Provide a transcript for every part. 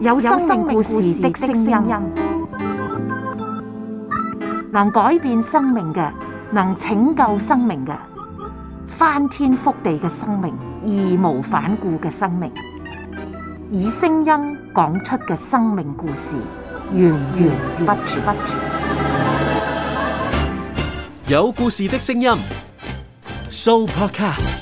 有生命故事的聲音，能改變生命嘅，能拯救生命嘅，翻天覆地嘅生命，義無反顧嘅生命，以聲音講出嘅生命故事，源源不絕。有故事的聲音，Soul Podcast。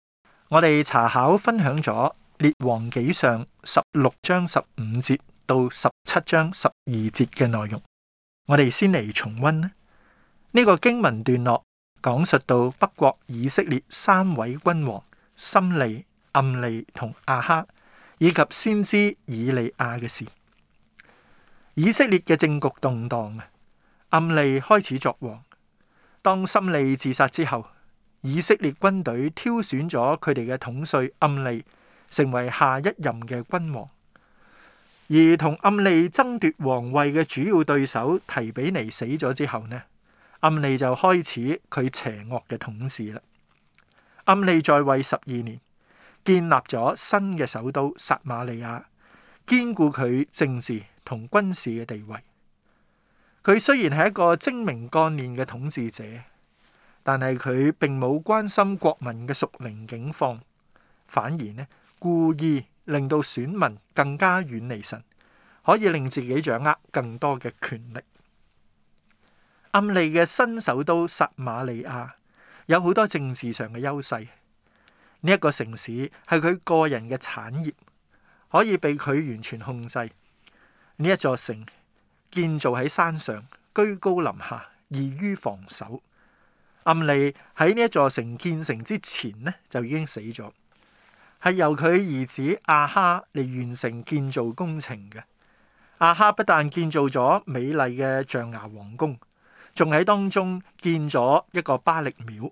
我哋查考分享咗列王紀上十六章十五節到十七章十二節嘅內容，我哋先嚟重溫呢個經文段落，講述到北國以色列三位君王心利、暗利同亞哈以及先知以利亞嘅事。以色列嘅政局動盪啊，暗利開始作王。當心利自殺之後，以色列軍隊挑選咗佢哋嘅統帥暗利，成為下一任嘅君王。而同暗利爭奪皇位嘅主要對手提比尼死咗之後呢，暗利就開始佢邪惡嘅統治啦。暗利在位十二年，建立咗新嘅首都撒馬利亞，堅固佢政治同軍事嘅地位。佢雖然係一個精明幹練嘅統治者。但係佢並冇關心國民嘅屬靈境況，反而咧，故意令到選民更加遠離神，可以令自己掌握更多嘅權力。暗利嘅新首都撒瑪利亞有好多政治上嘅優勢。呢一個城市係佢個人嘅產業，可以被佢完全控制。呢一座城建造喺山上，居高臨下，易於防守。暗利喺呢一座城建成之前呢，就已經死咗，係由佢兒子阿哈嚟完成建造工程嘅。阿哈不但建造咗美麗嘅象牙皇宮，仲喺當中建咗一個巴力廟，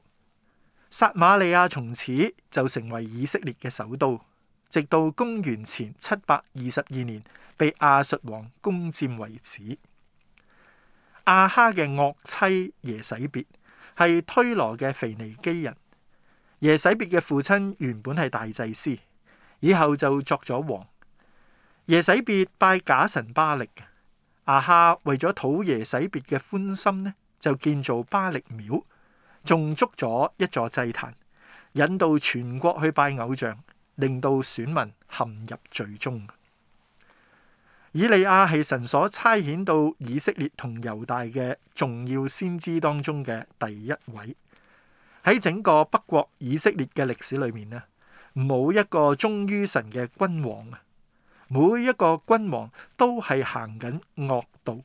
撒瑪利亞從此就成為以色列嘅首都，直到公元前七百二十二年被亞述王攻佔為止。阿哈嘅惡妻耶洗別。係推羅嘅腓尼基人，耶洗別嘅父親原本係大祭司，以後就作咗王。耶洗別拜假神巴力，亞哈為咗討耶洗別嘅歡心咧，就建造巴力廟，仲築咗一座祭壇，引導全國去拜偶像，令到選民陷入罪中。以利亞係神所差遣到以色列同猶大嘅重要先知當中嘅第一位。喺整個北國以色列嘅歷史裏面呢，冇一個忠於神嘅君王啊！每一個君王都係行緊惡道，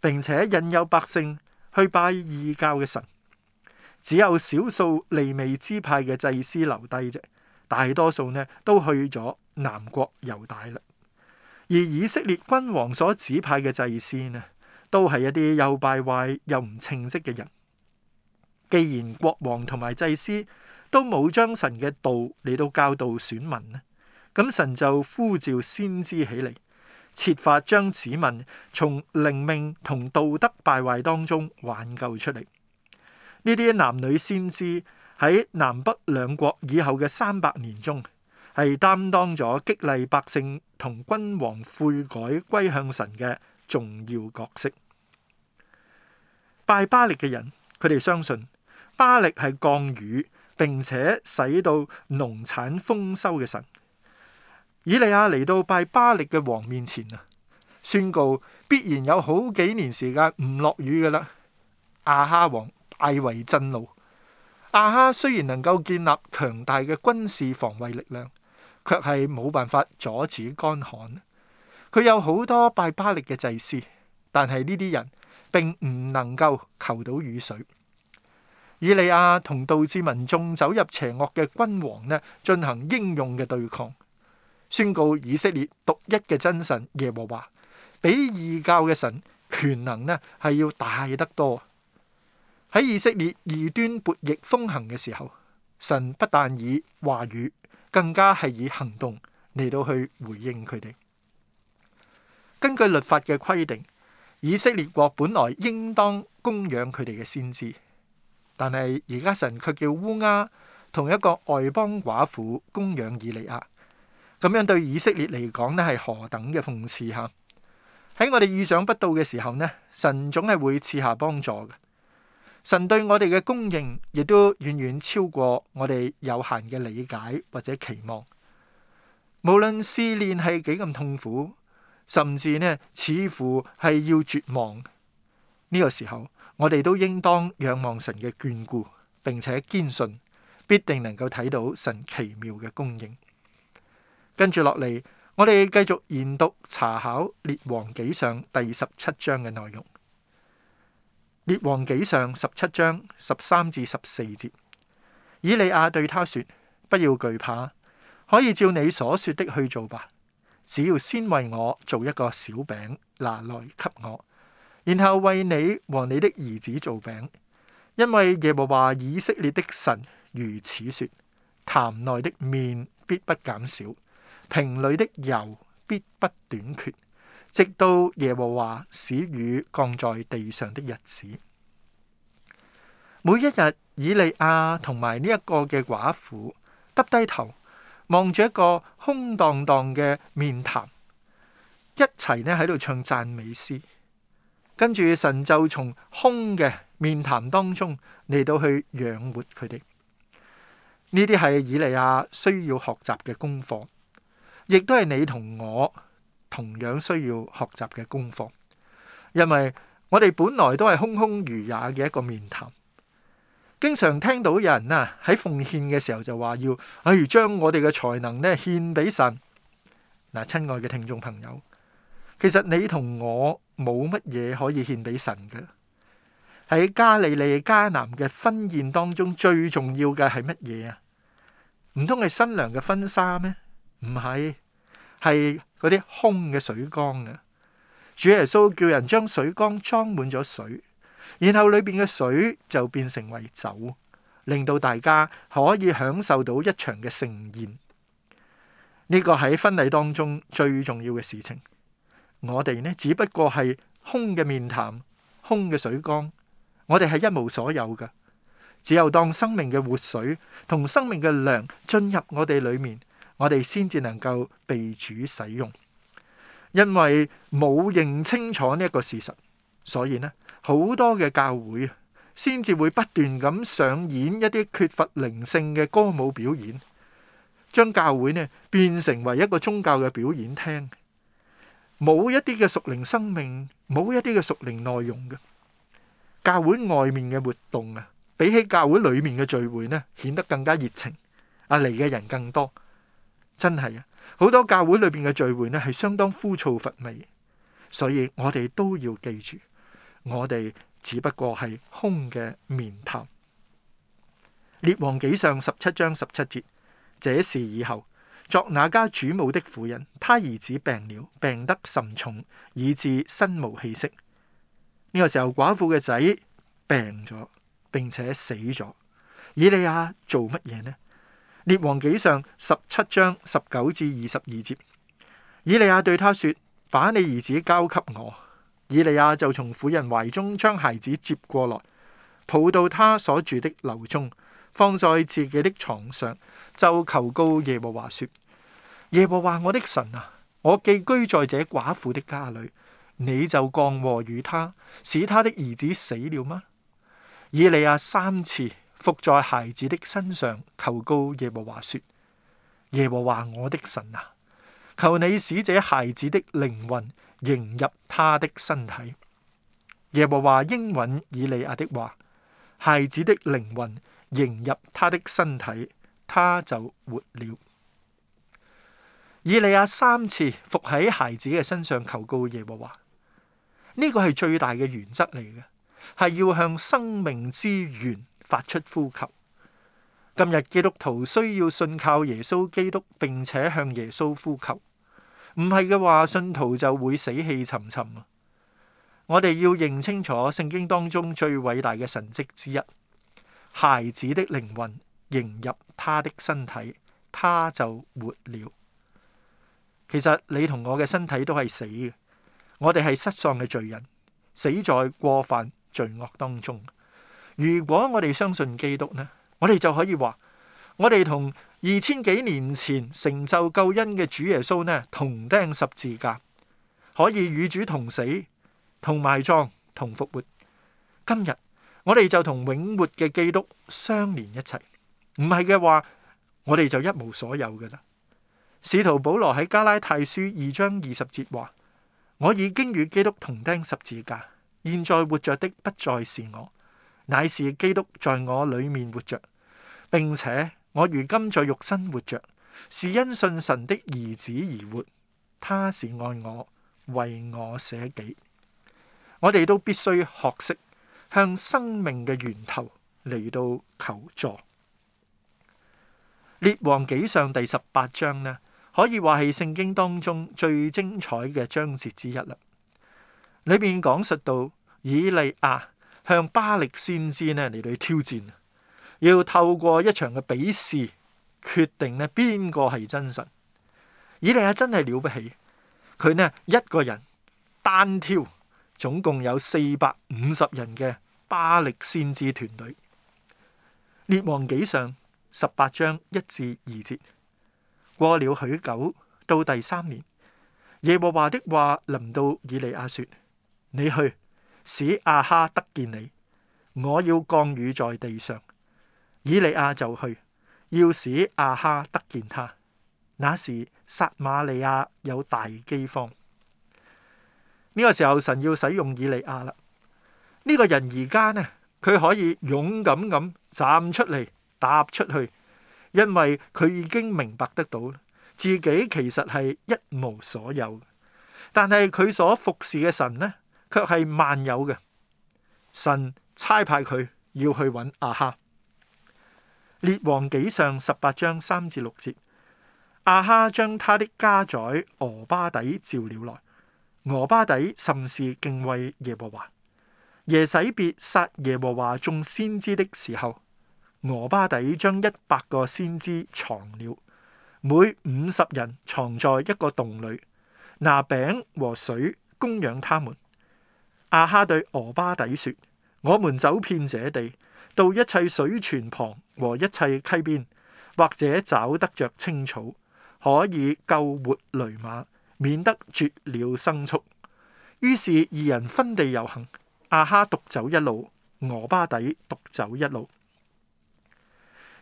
並且引誘百姓去拜異教嘅神。只有少數利未支派嘅祭司留低啫，大多數呢都去咗南國猶大啦。而以色列君王所指派嘅祭司呢，都係一啲又敗壞又唔稱職嘅人。既然國王同埋祭司都冇將神嘅道嚟到教導選民呢，咁神就呼召先知起嚟，設法將子民從靈命同道德敗壞當中挽救出嚟。呢啲男女先知喺南北兩國以後嘅三百年中，係擔當咗激勵百姓同君王悔改歸向神嘅重要角色。拜巴力嘅人，佢哋相信巴力係降雨，並且使到農產豐收嘅神。以利亞嚟到拜巴力嘅王面前啊，宣告必然有好幾年時間唔落雨㗎喇。亞哈王大為震怒。亞哈雖然能夠建立強大嘅軍事防衛力量。卻係冇辦法阻止乾旱。佢有好多拜巴力嘅祭司，但係呢啲人並唔能夠求到雨水。以利亞同導致民眾走入邪惡嘅君王呢，進行英勇嘅對抗，宣告以色列獨一嘅真神耶和華比異教嘅神權能呢係要大得多。喺以色列異端悖逆風行嘅時候，神不但以話語。更加係以行動嚟到去回應佢哋。根據律法嘅規定，以色列國本來應當供養佢哋嘅先知，但係而家神卻叫烏鴉同一個外邦寡婦供養以利亞，咁樣對以色列嚟講呢係何等嘅諷刺吓！喺我哋意想不到嘅時候呢，神總係會賜下幫助嘅。神對我哋嘅供應亦都遠遠超過我哋有限嘅理解或者期望。無論試煉係幾咁痛苦，甚至呢似乎係要絕望呢個時候，我哋都應當仰望神嘅眷顧，並且堅信必定能夠睇到神奇妙嘅供應。跟住落嚟，我哋繼續研讀查考列王紀上第十七章嘅內容。列王紀上十七章十三至十四節，以利亞對他說：不要懼怕，可以照你所說的去做吧。只要先為我做一個小餅，拿來給我，然後為你和你的兒子做餅。因為耶和華以色列的神如此說：壇內的麵必不減少，瓶裏的油必不短缺。直到耶和華使雨降在地上的日子，每一日以利亞同埋呢一個嘅寡婦，耷低頭望住一個空蕩蕩嘅麵罈，一齊咧喺度唱讚美詩，跟住神就從空嘅麵罈當中嚟到去養活佢哋。呢啲係以利亞需要學習嘅功課，亦都係你同我，同樣需要學習嘅功課，因為我哋本來都係空空如也嘅一個面談。經常聽到有人啊喺奉獻嘅時候就話要，哎將我哋嘅才能呢獻俾神。嗱，親愛嘅聽眾朋友，其實你同我冇乜嘢可以獻俾神嘅。喺加利利加南嘅婚宴當中，最重要嘅係乜嘢啊？唔通係新娘嘅婚紗咩？唔係。係嗰啲空嘅水缸啊！主耶穌叫人將水缸裝滿咗水，然後裏邊嘅水就變成為酒，令到大家可以享受到一場嘅盛宴。呢個喺婚禮當中最重要嘅事情。我哋呢只不過係空嘅面談、空嘅水缸，我哋係一無所有㗎，只有當生命嘅活水同生命嘅糧進入我哋裏面。我哋先至能夠被主使用，因為冇認清楚呢一個事實，所以呢好多嘅教會啊，先至會不斷咁上演一啲缺乏靈性嘅歌舞表演，將教會呢變成為一個宗教嘅表演廳，冇一啲嘅屬靈生命，冇一啲嘅屬靈內容嘅。教會外面嘅活動啊，比起教會裡面嘅聚會呢，顯得更加熱情，啊嚟嘅人更多。真係啊，好多教會裏邊嘅聚會呢，係相當枯燥乏味，所以我哋都要記住，我哋只不過係空嘅面談。列王紀上十七章十七節，這事以後作那家主母的婦人，她兒子病了，病得甚重，以致身無氣息。呢、這個時候寡婦嘅仔病咗，並且死咗。以利亞做乜嘢呢？列王紀上十七章十九至二十二節，以利亞對他說：把你兒子交給我。以利亞就從婦人懷中將孩子接過來，抱到他所住的樓中，放在自己的床上，就求告耶和華說：耶和華我的神啊，我寄居在這寡婦的家裏，你就降禍與他，使他的兒子死了嗎？以利亞三次。伏在孩子的身上，求告耶和華說：耶和華我的神啊，求你使者孩子的靈魂迎入他的身體。耶和華應允以利亞的話，孩子的靈魂迎入他的身體，他就活了。以利亞三次伏喺孩子嘅身上求告耶和華，呢個係最大嘅原則嚟嘅，係要向生命之源。發出呼求。今日基督徒需要信靠耶穌基督，並且向耶穌呼求。唔係嘅話，信徒就會死氣沉沉。我哋要認清楚聖經當中最偉大嘅神蹟之一：孩子的靈魂仍入他的身體，他就活了。其實你同我嘅身體都係死嘅，我哋係失喪嘅罪人，死在過犯罪惡當中。如果我哋相信基督呢，我哋就可以話我哋同二千幾年前成就救恩嘅主耶穌呢，同釘十字架，可以與主同死，同埋葬，同復活。今日我哋就同永活嘅基督相連一齊。唔係嘅話，我哋就一無所有嘅啦。使徒保羅喺加拉太書二章二十節話：我已經與基督同釘十字架，現在活着的不再是我。乃是基督在我裏面活着，並且我如今在肉身活着，是因信神的兒子而活。他是愛我，為我捨己。我哋都必須學識向生命嘅源頭嚟到求助。列王紀上第十八章呢，可以話係聖經當中最精彩嘅章節之一啦。裏面講述到以利亞。向巴力先知呢，嚟到挑戰要透過一場嘅比試，決定呢邊個係真神。以利亞真係了不起，佢呢一個人單挑，總共有四百五十人嘅巴力先知團隊。列王紀上十八章一至二節，過了許久，到第三年，耶和華的話臨到以利亞說：你去。使亞哈得見你，我要降雨在地上。以利亞就去，要使亞哈得見他。那時撒瑪利亞有大饑荒。呢個時候，神要使用以利亞啦。呢個人而家呢，佢可以勇敢咁站出嚟，踏出去，因為佢已經明白得到自己其實係一無所有。但係佢所服侍嘅神呢？卻係萬有嘅神，差派佢要去揾阿哈。列王紀上十八章三至六節，阿哈將他的家宰俄巴底召了來，俄巴底甚是敬畏耶和華。耶洗別殺耶和華眾先知的時候，俄巴底將一百個先知藏了，每五十人藏在一個洞裏，拿餅和水供養他們。阿哈對俄巴底說：我們走遍這地，到一切水泉旁和一切溪邊，或者找得着青草，可以救活騾馬，免得絕了牲畜。於是二人分地遊行，阿哈獨走一路，俄巴底獨走一路。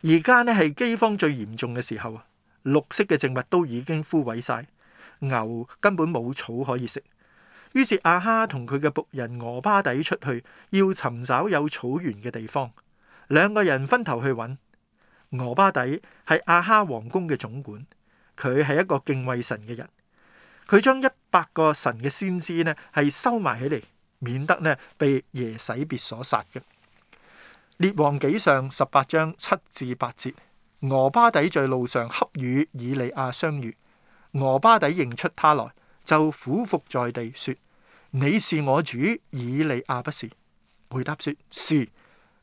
而家呢係饑荒最嚴重嘅時候啊，綠色嘅植物都已經枯萎晒，牛根本冇草可以食。於是阿哈同佢嘅僕人俄巴底出去，要尋找有草原嘅地方。兩個人分頭去揾。俄巴底係阿哈王宮嘅總管，佢係一個敬畏神嘅人。佢將一百個神嘅先知呢，係收埋起嚟，免得呢被耶洗別所殺嘅。列王紀上十八章七至八節，俄巴底在路上恰與以，以利亞相遇，俄巴底認出他來。就俯伏在地說：你是我主以利亞不是？回答說：是。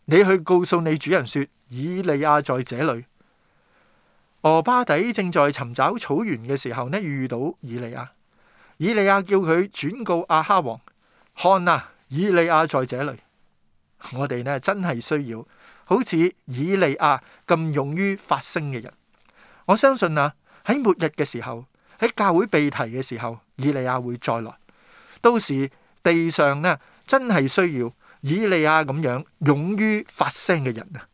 你去告訴你主人說：以利亞在這裡。俄巴底正在尋找草原嘅時候呢，遇到以利亞。以利亞叫佢轉告亞哈王：看啊，以利亞在這裡。我哋呢真係需要好似以利亞咁勇於發聲嘅人。我相信啊，喺末日嘅時候。喺教會被提嘅時候，以利亞會再來。到時地上呢，真係需要以利亞咁樣勇於發聲嘅人啊！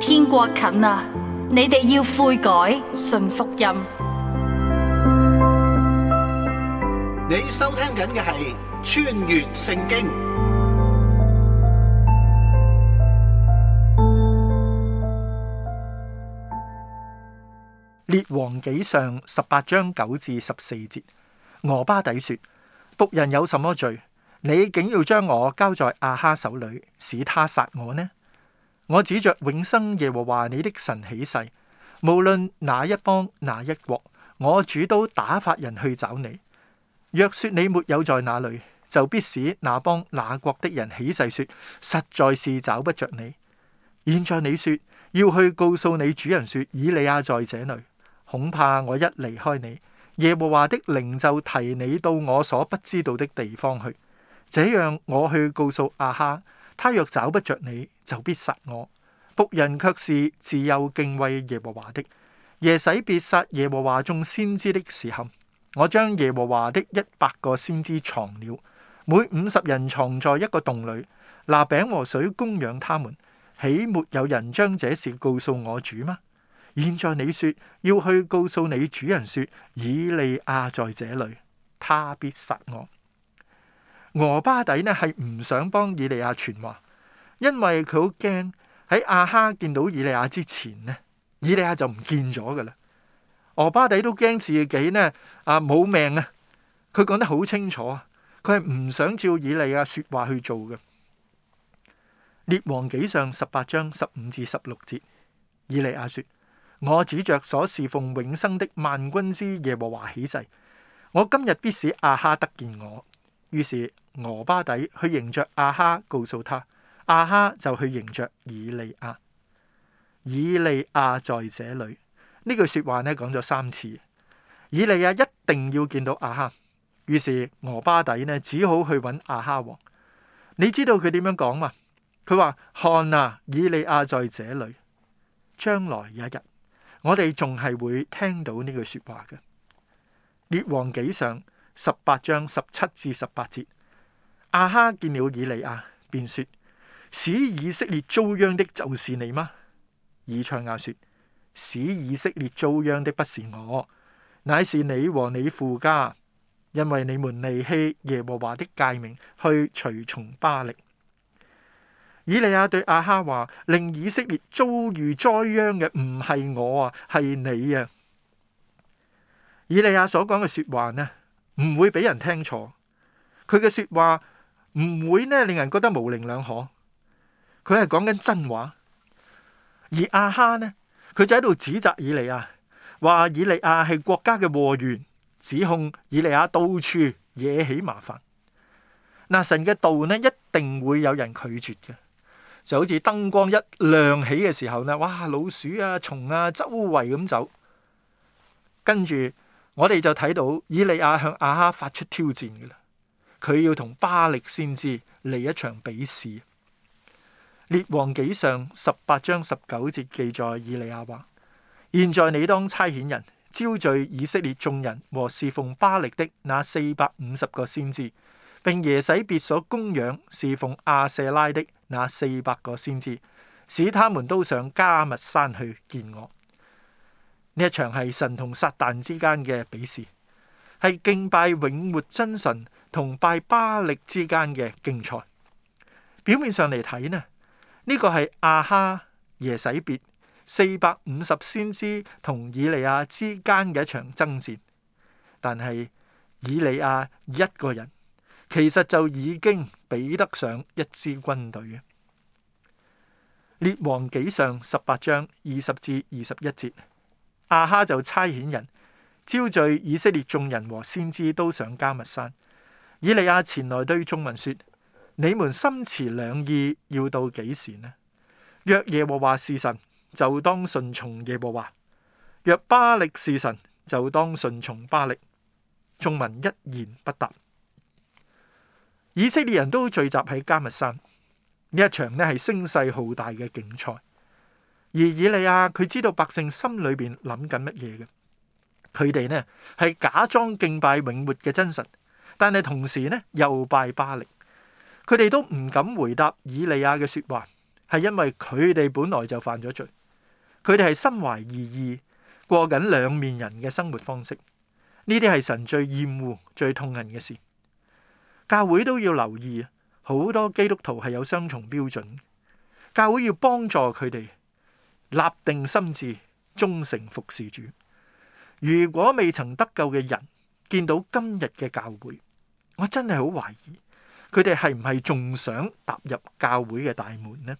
天國近啊，你哋要悔改，信福音。你收聽緊嘅係穿越聖經。列王紀上十八章九至十四節，俄巴底說：僕人有什麼罪？你竟要將我交在亞哈手裏，使他殺我呢？我指着永生耶和華你的神起誓，無論哪一邦、哪一國，我主都打發人去找你。若說你沒有在那裏，就必使那邦、那國的人起誓說，實在是找不着你。現在你說要去告訴你主人說，說以利亞在這裏。恐怕我一離開你，耶和華的靈就提你到我所不知道的地方去，這樣我去告訴阿哈，他若找不着你，就必殺我。僕人却是自幼敬畏耶和華的。耶洗別殺耶和華眾先知的時候，我將耶和華的一百個先知藏了，每五十人藏在一個洞裏，拿餅和水供養他們。豈沒有人將這事告訴我主嗎？現在你說要去告訴你主人說，以利亞在這裏，他必殺我。俄巴底呢係唔想幫以利亞傳話，因為佢好驚喺亞哈見到以利亞之前呢，以利亞就唔見咗噶啦。俄巴底都驚自己呢啊冇命啊，佢講得好清楚啊，佢係唔想照以利亞說話去做嘅。列王紀上十八章十五至十六節，以利亞說。我指着所侍奉永生的萬軍之耶和華起誓，我今日必使阿哈得見我。於是俄巴底去迎着阿哈，告訴他，阿哈就去迎着以利亞。以利亞在這裏，呢句說話呢講咗三次。以利亞一定要見到阿哈，於是俄巴底呢只好去揾阿哈王。你知道佢點樣講嘛？佢話，看啊，以利亞在這裏，將來有一日。我哋仲係會聽到呢句說話嘅，《列王紀上》十八章十七至十八節，亞哈見了以利亞，便說：使以色列遭殃的，就是你嗎？以賽亞、啊、說：使以色列遭殃的不是我，乃是你和你父家，因為你們離棄耶和華的誡命，去隨從巴力。以利亞對阿哈話：令以色列遭遇災殃嘅唔係我啊，係你啊。以利亞所講嘅說話呢，唔會俾人聽錯，佢嘅說話唔會呢，令人覺得模棱兩可，佢係講緊真話。而阿哈呢，佢就喺度指責以利亞，話以利亞係國家嘅禍源，指控以利亞到處惹起麻煩。嗱，神嘅道呢，一定會有人拒絕嘅。就好似燈光一亮起嘅時候呢，哇！老鼠啊、蟲啊，周圍咁走。跟住我哋就睇到以利亞向亞哈發出挑戰嘅啦，佢要同巴力先知嚟一場比試。列王紀上十八章十九節記載，以利亞話：「現在你當差遣人招聚以色列眾人和侍奉巴力的那四百五十個先知。並耶洗別所供養侍奉亞舍拉的那四百個先知，使他們都上加密山去見我。呢一場係神同撒旦之間嘅比試，係敬拜永活真神同拜巴力之間嘅競賽。表面上嚟睇呢，呢、呢個係亞哈耶洗別四百五十先知同以利亞之間嘅一場爭戰，但係以利亞一個人。其實就已經比得上一支軍隊啊！列王紀上十八章二十至二十一節，亞哈就差遣人招聚以色列眾人和先知都上加密山。以利亞前來對眾民說：你們心持兩意，要到幾時呢？若耶和華是神，就當順從耶和華；若巴力是神，就當順從巴力。眾民一言不答。以色列人都聚集喺加密山，呢一場呢係聲勢浩大嘅競賽。而以利亞佢知道百姓心裏邊諗緊乜嘢嘅，佢哋呢係假裝敬拜永活嘅真神，但係同時呢又拜巴力。佢哋都唔敢回答以利亞嘅說話，係因為佢哋本來就犯咗罪。佢哋係心懷異意，過緊兩面人嘅生活方式。呢啲係神最厭惡、最痛恨嘅事。教會都要留意，好多基督徒係有雙重標準。教會要幫助佢哋立定心志，忠誠服侍主。如果未曾得救嘅人見到今日嘅教會，我真係好懷疑佢哋係唔係仲想踏入教會嘅大門呢？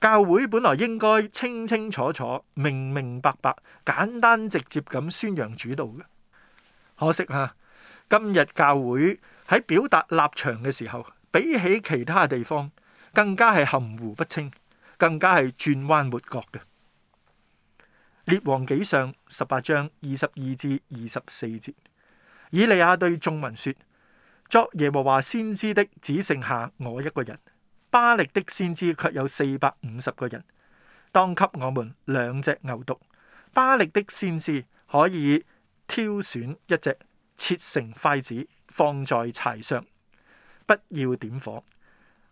教會本來應該清清楚楚、明明白白、簡單直接咁宣揚主道嘅，可惜吓今日教會。喺表達立場嘅時候，比起其他地方更加係含糊不清，更加係轉彎抹角嘅。《列王紀上》十八章二十二至二十四節，以利亞對眾民説：作耶和華先知的只剩下我一個人，巴力的先知卻有四百五十個人。當給我們兩隻牛犢，巴力的先知可以挑選一隻切成塊子。放在柴上，不要點火。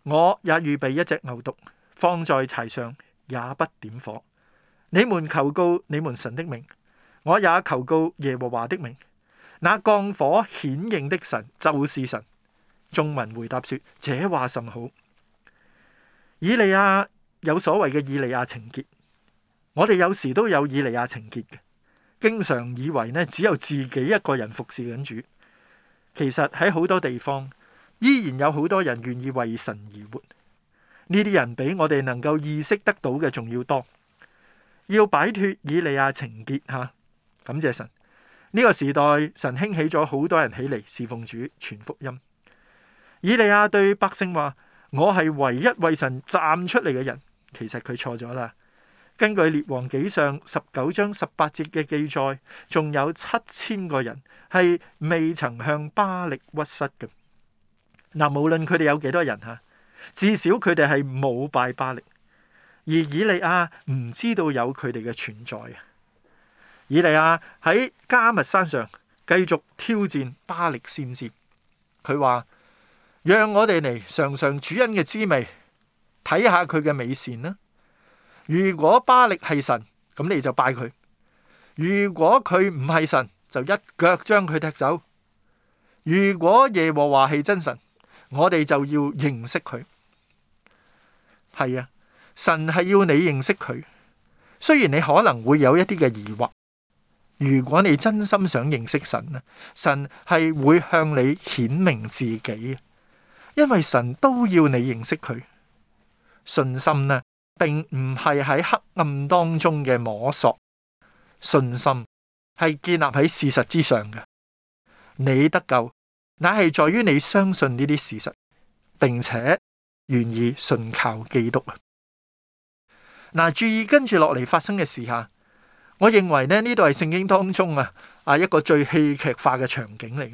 我也預備一隻牛犢放在柴上，也不點火。你們求告你們神的名，我也求告耶和華的名。那降火顯應的神就是神。眾民回答說：這話甚好。以利亞有所謂嘅以利亞情結，我哋有時都有以利亞情結嘅，經常以為呢，只有自己一個人服侍緊主。其實喺好多地方依然有好多人願意為神而活，呢啲人比我哋能夠意識得到嘅仲要多。要擺脫以利亞情結吓、啊，感謝神呢、呢個時代，神興起咗好多人起嚟侍奉主，傳福音。以利亞對百姓話：我係唯一為神站出嚟嘅人。其實佢錯咗啦。根據《列王紀上》十九章十八節嘅記載，仲有七千個人係未曾向巴力屈膝嘅。嗱，無論佢哋有幾多人嚇，至少佢哋係冇拜巴力。而以利亞唔知道有佢哋嘅存在嘅。以利亞喺迦密山上繼續挑戰巴力先知，佢話：讓我哋嚟嘗嘗主恩嘅滋味，睇下佢嘅美善啦。如果巴力係神，咁你就拜佢；如果佢唔係神，就一腳將佢踢走。如果耶和華係真神，我哋就要認識佢。係啊，神係要你認識佢。雖然你可能會有一啲嘅疑惑，如果你真心想認識神呢，神係會向你顯明自己，因為神都要你認識佢。信心啊。並唔係喺黑暗當中嘅摸索，信心係建立喺事實之上嘅。你得救，乃係在於你相信呢啲事實，並且願意信靠基督啊！嗱，注意跟住落嚟發生嘅事下，我認為咧呢度係聖經當中啊啊，一個最戲劇化嘅場景嚟嘅《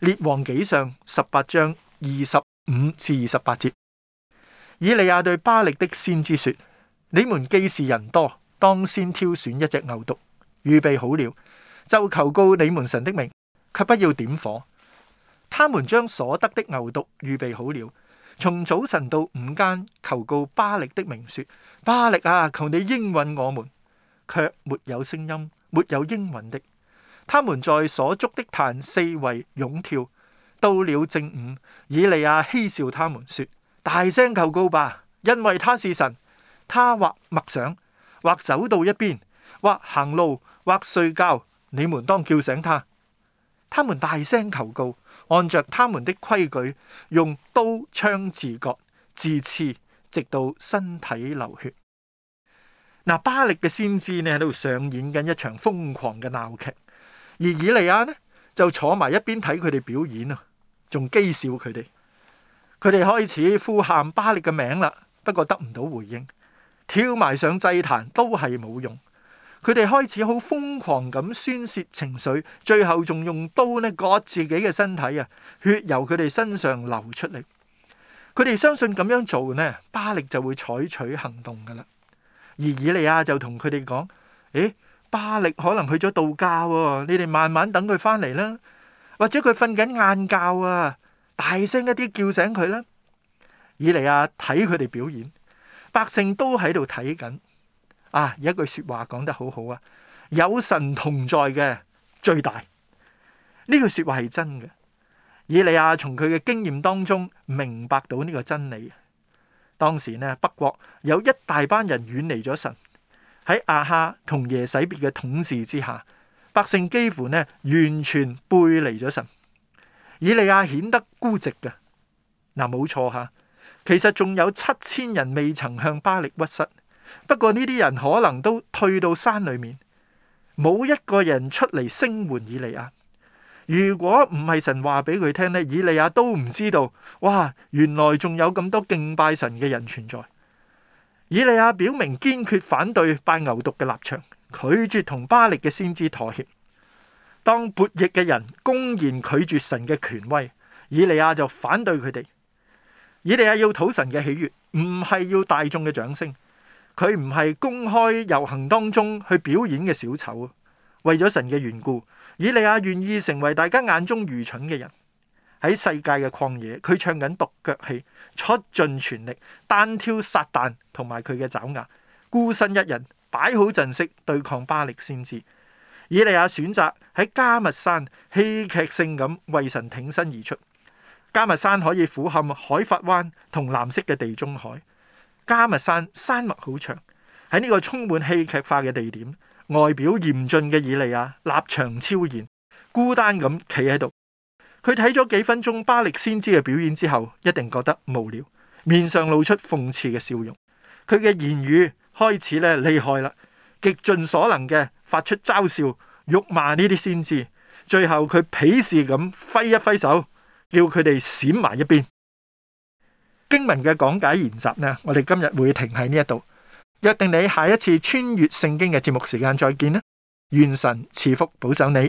列王紀上》十八章二十五至二十八節。以利亞對巴力的先知說：你們既是人多，當先挑選一隻牛犢，預備好了，就求告你們神的名，卻不要點火。他們將所得的牛犢預備好了，從早晨到午間，求告巴力的名說：巴力啊，求你應允我們，卻沒有聲音，沒有應允的。他們在所築的壇四圍踴跳。到了正午，以利亞嬉笑他們說。大聲求告吧，因為他是神。他或默想，或走到一邊，或行路，或睡覺。你們當叫醒他。他們大聲求告，按着他們的規矩，用刀槍自割自刺，直到身體流血。嗱，巴力嘅先知呢喺度上演緊一場瘋狂嘅鬧劇，而以利亞呢就坐埋一邊睇佢哋表演啊，仲譏笑佢哋。佢哋開始呼喊巴力嘅名啦，不過得唔到回應，跳埋上祭壇都係冇用。佢哋開始好瘋狂咁宣泄情緒，最後仲用刀呢割自己嘅身體啊！血由佢哋身上流出嚟。佢哋相信咁樣做呢，巴力就會採取行動噶啦。而以利亞就同佢哋講：誒，巴力可能去咗度假喎，你哋慢慢等佢翻嚟啦，或者佢瞓緊晏覺啊。大聲一啲叫醒佢啦！以利亞睇佢哋表演，百姓都喺度睇緊。啊，有一句說話講得好好啊，有神同在嘅最大，呢句說話係真嘅。以利亞從佢嘅經驗當中明白到呢個真理。當時呢，北國有一大班人遠離咗神，喺亞哈同耶洗別嘅統治之下，百姓幾乎呢，完全背離咗神。以利亞顯得孤寂嘅，嗱，冇錯吓，其實仲有七千人未曾向巴力屈膝，不過呢啲人可能都退到山裏面，冇一個人出嚟聲援以利亞。如果唔係神話俾佢聽呢，以利亞都唔知道，哇，原來仲有咁多敬拜神嘅人存在。以利亞表明堅決反對拜牛犢嘅立場，拒絕同巴力嘅先知妥協。當悖逆嘅人公然拒絕神嘅權威，以利亞就反對佢哋。以利亞要討神嘅喜悦，唔係要大眾嘅掌聲。佢唔係公開遊行當中去表演嘅小丑，為咗神嘅緣故，以利亞願意成為大家眼中愚蠢嘅人。喺世界嘅曠野，佢唱緊獨腳戲，出盡全力，單挑撒但同埋佢嘅爪牙，孤身一人，擺好陣式，對抗巴力先知。以利亞選擇喺加密山戲劇性咁為神挺身而出。加密山可以俯瞰海法灣同藍色嘅地中海。加密山山脈好長，喺呢個充滿戲劇化嘅地點，外表嚴峻嘅以利亞立場超然，孤單咁企喺度。佢睇咗幾分鐘巴力先知嘅表演之後，一定覺得無聊，面上露出諷刺嘅笑容。佢嘅言語開始咧厲害啦。極盡所能嘅發出嘲笑辱罵呢啲先知，最後佢鄙視咁揮一揮手，叫佢哋閃埋一邊。經文嘅講解研習呢，我哋今日會停喺呢一度，約定你下一次穿越聖經嘅節目時間再見啦。願神賜福保守你。